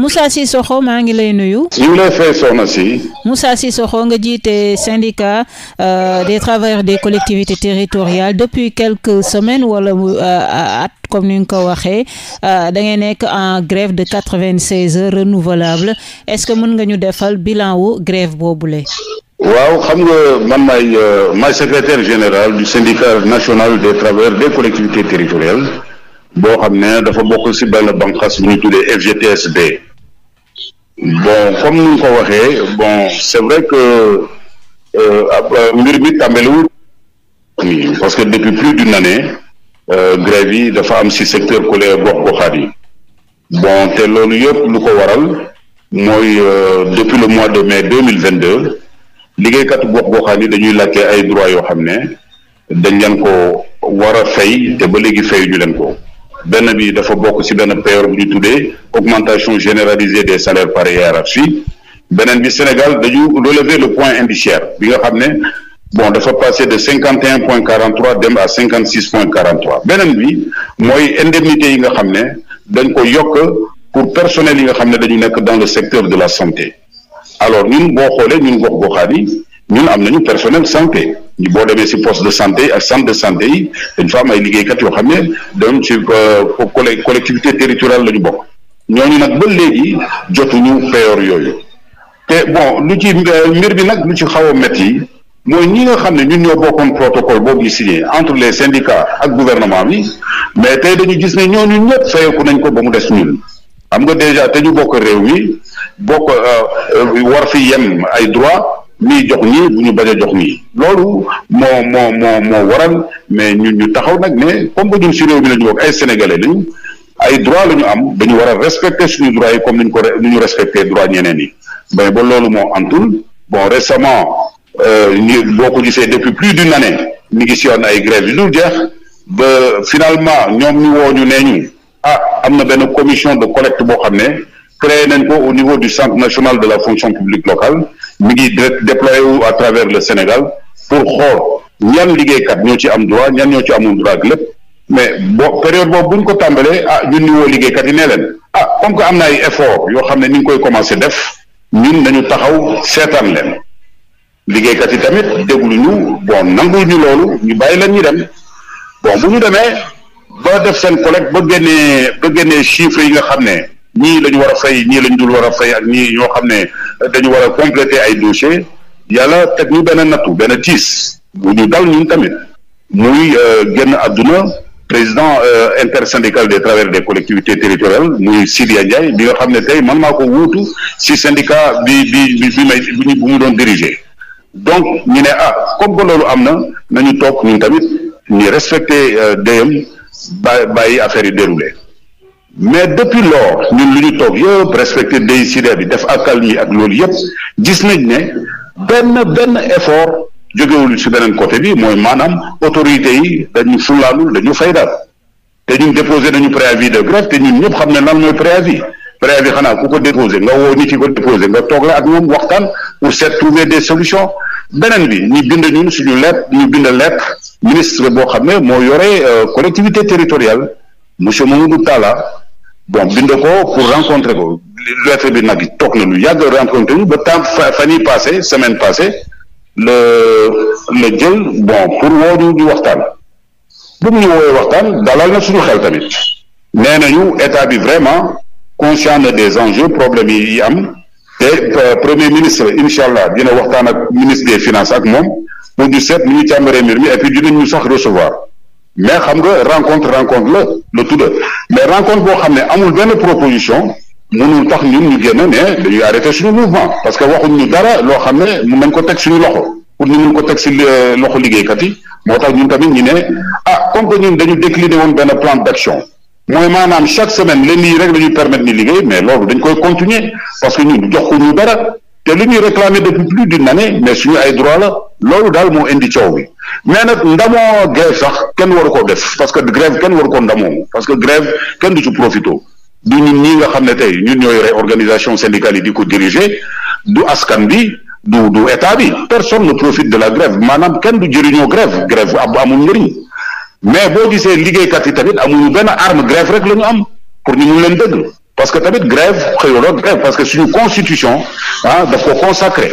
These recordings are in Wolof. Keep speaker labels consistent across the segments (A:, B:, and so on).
A: Moussa Cissokho maa ngi lay nuyu. ñu ngi lay fay soxna si. Moussa Cissokho nga jiite syndicat euh, des travailleurs des collectivités territoriales depuis quelque semaine wala euh, at comme ni nga ko waxee euh, da ngeen nekk en grève de quatre vingt seize heures renouvelable est-ce que mën nga ñu defal bilan wu grève boobule.
B: waaw xam nga man maay maay secrétaire général du syndicat national des travailleurs des collectivités territoriales boo xam ne dafa bokk ci benn banqas bu ñu tuddee FGTSB bon comme ni nga ko waxee bon c'est vrai que euh, euh, mbir mi tàmbaliwul parce que depuis plus d'une année euh, grève yi dafa am si secteur collé gox-goxaat yi bon te loolu yëpp lu ko waral mooy depuis le mois de mai deux mille vingt deux liggéeykat gox-goxaan yi dañuy laajte ay droits yoo xam ne dañ leen ko war a te ba léegi fayuñu leen ko benn bi dafa bokk si benn payor bi ñu tuddee augmentation généralisée des salaire par hiérarchie beneen bi Sénégal dañu relever le point indiciaire bi nga xam ne bon dafa passer de cinquante et un point quarante trois dem a cinquante six point quarante trois beneen bi mooy indemnité yi nga xam ne dañ ko yokk pour personnel yi nga xam ne dañu nekk dans le secteur de la santé alors ñun boo xoolee ñun gox goxaan yi ñun am nañu personnel santé boo demee si poste de santé ak centre de santé yi dañ fa am ay kat yoo xam ne dañu ci euh, collectivité territoriale la ñu bokk ñooñu nag ba léegi jotuñu peyor yooyu te bon lu ci euh, mbir bi nag lu ci xaw a métti mooy ñi nga xam ne ñun ñoo bokkoon protocole boobu ñu signé entre les syndicats ak gouvernement bi mais tey dañu gis ne ñooñu ñëpp fayeku nañ ko ba mu des ñun xam nga déjà te ñu bokk réew mi bokk euh, war fi yem ay droit lii jox lii bu ñu bañ a jox lii loolu moo moo moo moo waral mais ñun ñu taxaw nag ne comme que ñun si réew mi la ñu bokk ay sénégalais lañu ay droit la ñu am dañu war a respecter suñu droit yi comme ni ñu ko ni ñu respecter droit ñeneen yi mais ba loolu moo antul bon récemment ñu euh, boo ko gisee depuis plus d'une année mi ngi si yoon ay grève yu dul jeex ba finalement ñoom ñu woo nee ñu ah am na benn commission de collecte boo xam ne. créé nañ ko au niveau du centre national de la fonction publique locale mi ngi déployé wu à travers le Sénégal pour xool ñan liggéeykat ñoo ci am droit ñan ñoo ci amuñ droit lépp mais boo période boobu bu ñu ko tàmbalee ah ñun niveau liggéeykat yi nee leen ah comme que am na ay effort yoo xam ne ni ngi koy commencé def ñun nañu taxaw seetaan leen liggéeykat yi tamit ñu bon nanguñu ñu loolu ñu bàyyi leen ñu dem bo bu ñu demee ba def seen collecte ba génnee ba génnee chiffres yi nga xam ne ñii la ñu war a fay ñii la ñu dul war a fay ak ñii ñoo xam ne dañu war a compléter ay dossier yàlla teg ñu beneen nattu benn tiis bu ñu dal ñun tamit muy euh, génn adduna président euh, intersyndical des travailleurs des collectivités territoriales muy Sidia Ndiaye bi nga xam ne tey man maa ko wuutu si syndicat bi bi bi may bu mu doon diriger donc ñu ne ah comme que am na nañu toog ñun tamit ñu respecter euh, déyam ba bàyyi affaire yi déroulé mais depuis lors ñun lu ñu toog yëpp respecté DICDA bi def ak accalmie ak loolu yëpp gis nañ ne benn benn effort jógewul ci beneen côté bi mooy maanaam autorités yi dañu fulaalul dañu fay daal te ñun déposé nañu préavis de grève te ñun ñëpp xam ne lan mooy préavis préavis xanaa ku ko déposé nga woo nit yi ko toog la ak ñoom waxtaan pour seet trouver des solutions beneen bi ñu bind ñun suñu lettre ñu bind lettre ministre boo xam ne moo yore euh, collectivité territoriale monsieur Mamadou tàlla bon bind ko pour rencontrer ko lettre bi nag toog na lu yàgg rencontré ñu ba temps fan yi passé semaine passée la la jël bon pour woo ñu waxtaan bu mu ñu woowee waxtaan dalal na suñu xel tamit nee nañu état bi vraiment conscient na des enjeux problème yi am te euh, premier ministre incha allah dina waxtaan ak ministre des finances ak moom pour ñu seet ni ñu càmbaree mbir mi et puis dinañ ñu sax recevoir mais xam nga rencontre rencontre la le tout de mais rencontre boo xam ne amul benn proposition mënul tax ñun ñu génn ne dañuy arrêté suñu mouvement parce que waxuñ ñu dara loo xam ne mun nañ ko teg suñu loxo pour ñu mun ko teg si euh, loxo liggéeykat yi moo tax ñun tamit ñu ne ah comme que ñun dañu décliné woon benn plan d'action mooy maanaam chaque semaine leen lii rek dañuy permettre ni liggéey mais loolu dañ koy continuer parce que ñun jox ko ñu dara te lu ñuy réclamer depuis plus d'une année mais suñu ay droit la loolu daal moo indi coow bi mais nag ndamoo grève sax kenn waru koo def parce que grève kenn waru koo ndamoo parce que grève kenn du ci profito du ñun ñi nga xam ne tey ñun ñoo yore organisation syndicale yi di ko diriger du askan bi du du état bi personne ne profite de la grève maanaam kenn du jëriñoo grève grève ab amul njëriñ mais boo gisee liggéeykat yi tamit amuñu benn arme grève rek la ñu am pour ñu mun leen dëgg parce que tamit grève xëyoo la grève parce que suñu constitution ah, daf ko consacré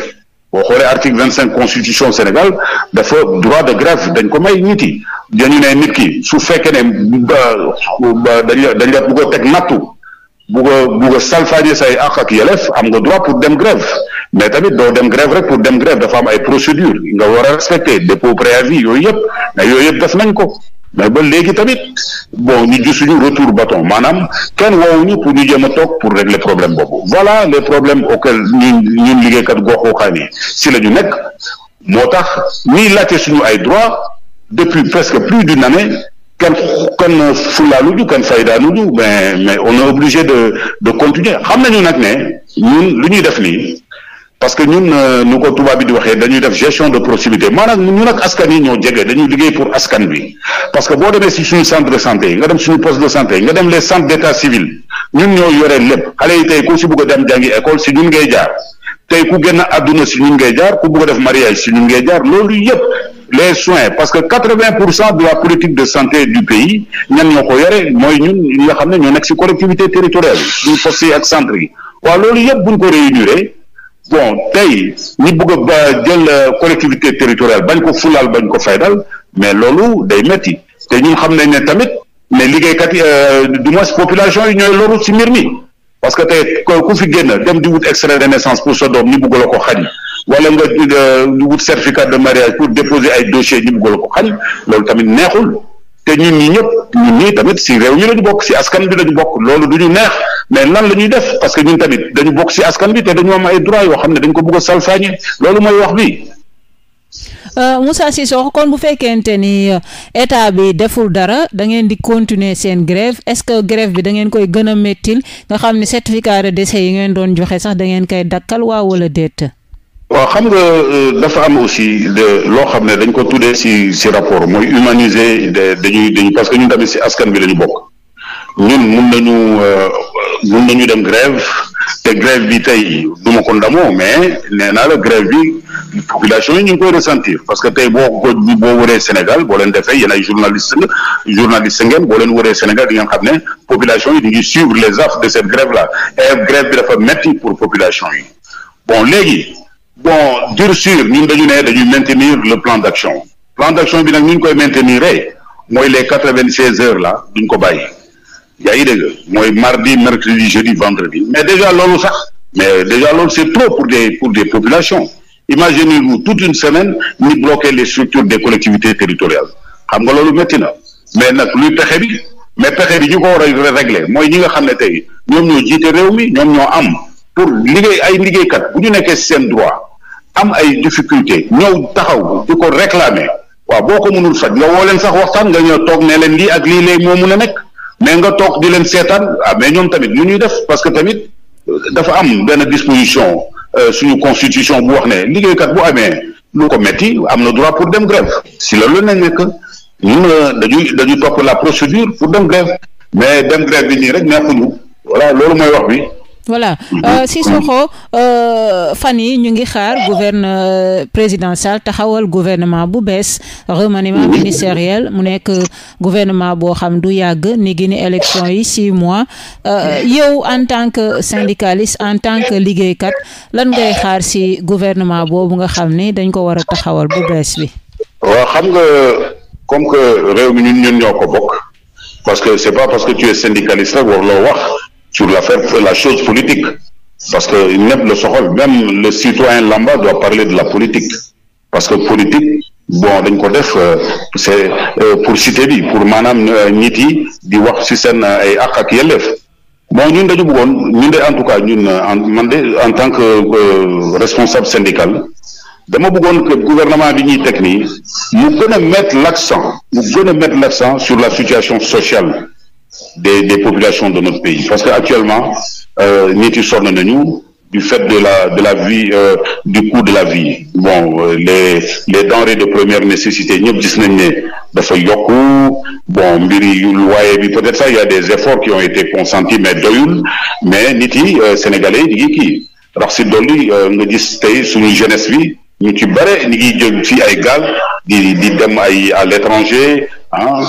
B: boo xoolee article cinq constitution Sénégal dafa droit de grève dañ ko may nit yi ne nit ki su fekkee ne dañ dañ la bëgg a teg nattu bëgg a bëgg a salfaañe say àq ak yelleef am nga droit pour dem grève mais tamit doo dem grève rek pour dem grève dafa am ay procédure nga war a respecté dépôt préavis yooyu yëpp mais yooyu yëpp def nañ ko mais ba léegi tamit bon ni ñu gisuñu retour baton maanaam kenn woowuñu pour ñu jéem a toog pour régler problème boobu voilà les problèmes auxquels ñun ñun liggéeykat gox goxaan yi si la ñu nekk moo tax ñuy laajte suñu ay droit depuis presque plus d'une année kenn kenn fulaaluñu kenn faydaanuñu mais mais on est obligé de de continuer xam nañu nag ne ñun lu ñuy def nii parce que ñun euh, nu ko tubaab bi di waxee dañuy def gestion de proximité maanaam ñun ak askan yi ñoo jege dañuy liggéey pour askan bi parce que boo demee si suñu centre de santé nga dem suñu poste de santé nga dem les centres d'état civil ñun ñoo yore lépp xale yi tey ku si bëgg a dem jàngi école si ñun ngay jaar tey ku génn àdduna si ñun ngay jaar ku bëgg a def mariage si ñun ngay jaar loolu yëpp les soins parce que quatre-vingts pour cent de la politique de santé du pays mooy ñun nga xam ne ñoo nekk si collectivité territoriale suñu poste yi yi waaw loolu yëpp ko réunir bon tey ñi bugg a ba jël euh, collectivité territoriale bañ ko fulaal bañ ko faydal mais loolu day metti te ñun xam nañ ne tamit mais liggéeykat yi euh, du moins population yi ñooy loru ci mbir mi parce que tey ku fi génn dem di wut extrait de naissance pour sa doom ñu bëgg la ko xañ wala nga di euh, wut certificat de mariage pour déposer ay dossier ñu bëgg la ko xañ loolu tamit neexul te ñun ñi ñëpp ñun ñii tamit si réew mi lañu bokk si askan bi lañu bokk loolu du ñu neex mais nan la ñuy def parce que ñun tamit dañu bokk ci askan bi te dañu am ay droit yoo xam ne dañ ko bëgg a salfaañe loolu mooy wax bi.
A: Euh, si soo kon bu fekkente ni euh, état bi deful dara da ngeen di continuer seen grève est-ce que grève bi da ngeen koy gën a méttil nga xam ne certificat de décès yi ngeen doon joxe sax da ngeen koy dakkal waa wala déet.
B: waaw xam nga euh, dafa am aussi loo xam ne dañ ko tuddee ci ci rapport mooy humaniser dañuy dañuy parce que ñun tamit askan bi lañu bokk mun nañu dem grève te grève bi tey du ma ko ndamoo mais nee naa la grève bi population yi ñu ngi koy ressentir parce que tey boo ko boo wëree Sénégal boo leen defee yéen ay journaliste journaliste ngeen boo leen wëree Sénégal di ngeen xam ne population yi di ngi suivre les affres de cette grève là et grève bi dafa metti pour population yi bon léegi bon durcir ñun dañu ne dañuy maintenir le plan d'action plan d'action bi nag ñu ngi koy maintenir mooy les quatre-vingt-seize heures là duñ ko bàyyi yaa ngi dégg mooy mardi mercredi jeudi vendredi mais déjà loolu sax mais déjà loolu c'est trop pour des pour des populations imaginez-vous toute une semaine ñu bloquer les structures des collectivités territoriales xam nga loolu métti na mais nag luy pexe bi mais pexe bi ñu ko war a régler mooy ñi nga xam ne tey ñoom ñoo jiite réew mi ñoom ñoo am pour liggéey ay kat bu ñu nekkee seen droit am ay difficulté ñëw taxaw di ko réclamer waaw boo ko mënul faj nga woo leen sax waxtaan nga ñëw toog ne leen lii ak lii lay moo mun a nekk mais nga toog di leen seetaan ah ñoom tamit nu ñuy def parce que tamit euh, dafa am benn disposition euh, suñu constitution bu wax ne liggéeykat bu amee lu ko metti am na droit pour dem grève si la loolu ne nekk ñun euh, dañuy dañuy topp la procédure pour dem grève mais dem grève bi nii rek neexuñu wala loolu mooy wax bi
A: voilà Cissokho euh, mm-hmm. euh, fan yi ñu ngi xaar gouverne euh, présidentiel taxawal gouvernement bu bees remaniement mm-hmm. ministériel mu nekk gouvernement boo xam du yàgg ni gi ni élection yi six mois yow en tant que syndicaliste en tant que liggéeykat lan ngay xaar ci gouvernement boobu nga xam ni dañ ko war a taxawal bu bees bi
B: waaw xam nga comme que réew mi ñun ñoo ko bokk parce que c'est pas parce que tu es syndicaliste rek warloo wax sur l'affaire, la chose politique. Parce que même le citoyen lambda doit parler de la politique. Parce que politique, bon dañ ko def euh, c'est euh, pour cité bi pour maanaam euh, nit yi di wax si seen ay àq ak yelleef moo ñun dañu bëggoon ñun en tout cas ñun man de en tant que responsable syndical dama bëggoon que gouvernement bi ñuy teg nii mu gën a mettre l'accent mu gën a mettre l'accent sur la situation sociale des des populations de notre pays parce que actuellement euh, nit yi sonn nañu du fait de la de la vie euh, du coût de la vie bon euh, les les denrées de première nécessité ñëpp gis nañ ne dafa yokku bon mbiri yu loyer bi peut-être ça il y a des efforts qui ont été consentis mais doyul mais nit yi euh, sénégalais yi ñu ngi kii si dolli nga gis tey suñu jeunesse bi ñu ci bare ñu ngi jóg ci ay gal di di dem ay à l'étranger ah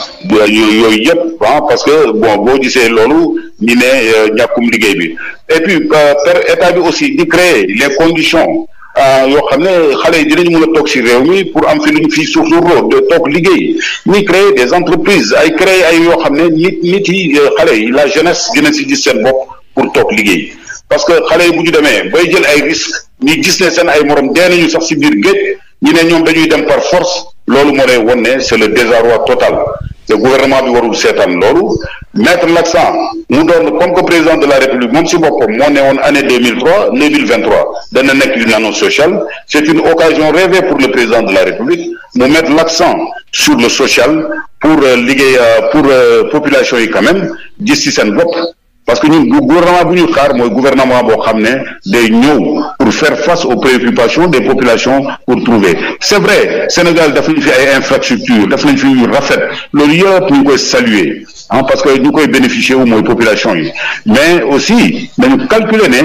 B: yooyu yëpp ah parce que bon boo gisee loolu ñu ne euh, ñàkkum liggéey bi et puis par état bi aussi di créer les conditions ah, yoo xam ne xale yi dinañ mën a toog si réew mi pour am fi lu ñu fi suuxlurloo de toog liggéey ñuy créer des entreprises ay créer ay yoo xam ne nit nit yi euh, xale yi la jeunesse dina ci gis seen bopp pour toog liggéey parce que xale yi bu ñu demee bay jël ay risques ñu gis ne seen ay morom dee nañu sax ci biir géej ñu ne ñoom dañuy dem par force loolu moo lay won ne c'est le désarroi total te gouvernement bi warul seetaan loolu mettre l'accent mu doon comme que président de la république moom ci boppam moo ne woon année deux mille trois deux mille vingt trois dana nekk une annonce sociale c'est une occasion rêvée pour le président de la république mu mettre l'accent sur le social pour euh, liggéey euh, pour euh, population yi quand gis ci seen bopp parce que ñun gouvernement bu ñu xaar mooy gouvernement boo xam ne day ñëw pour faire face aux préoccupations des populations pour trouver c'est vrai Sénégal daf nañ fi ay infrastructures daf nañ fi rafet loolu yëpp ñu ngi koy saluer ah parce que ñu koy bénéficier wu mooy population yi mais aussi dañu calculer ne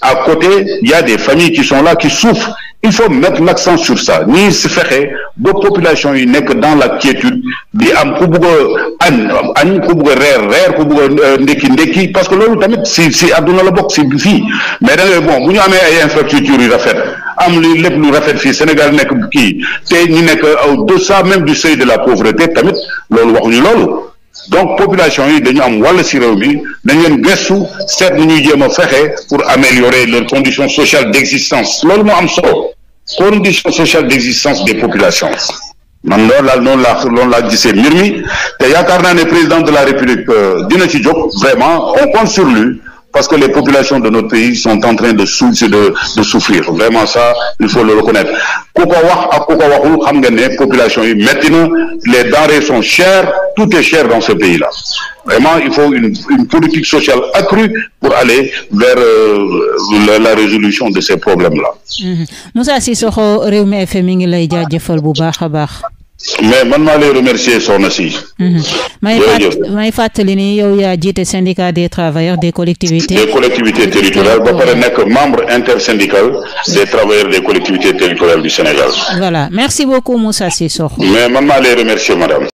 B: à côté il y a des familles qui sont là qui souffrent il faut mettre l'accent sur ça ñii si fexe ba population yi nekk dans la quiétude di am ku bugg a añ ku bugg a reer reer ku bugg a euh, ndékki ndékki parce que loolu tamit si si àdduna la bokk si fii mais bon bu ñu amee ay infrastructures yu rafet am li lépp lu rafet fii Sénégal nekk kii te ñu nekk au-dessous même du seuil de la pauvreté tamit loolu waxuñu loolu donc population yi dañu am wàll ci réew mi dañ leen gëstu seet nu ñuy jéem a fexe pour améliorer leurs conditions sociale d'existence loolu moo am solo conditions sociales d'existence des populations man loolu laa noonu laa loolu laa gisee mbir mi te yaakaar naa ne président de la république euh, dina ci jóg vraiment on compte sur lui parce que les populations de notre pays sont en train de sou de de souffrir vraiment ça il faut le reconnaître ku wax ak ku ko waxul xam nga ne population yi métti na les denrées sont chères tout est cher dans ce pays là vraiment il faut une politique sociale accrue pour aller vers euh, la, résolution de ces problèmes là.
A: Moussa Sissoko Rewmi FM mi ngi lay jaajëfal bu baax a baax.
B: mais man maa lay remercier soxna si.
A: Mhm. may may fàttali ni yow yaa jiite syndicat des travailleurs des collectivités. des
B: collectivités territoriales ba nekk membre intersyndical des travailleurs des collectivités territoriales du Sénégal.
A: voilà merci beaucoup Moussa Cissokho.
B: mais man maa lay remercier madame.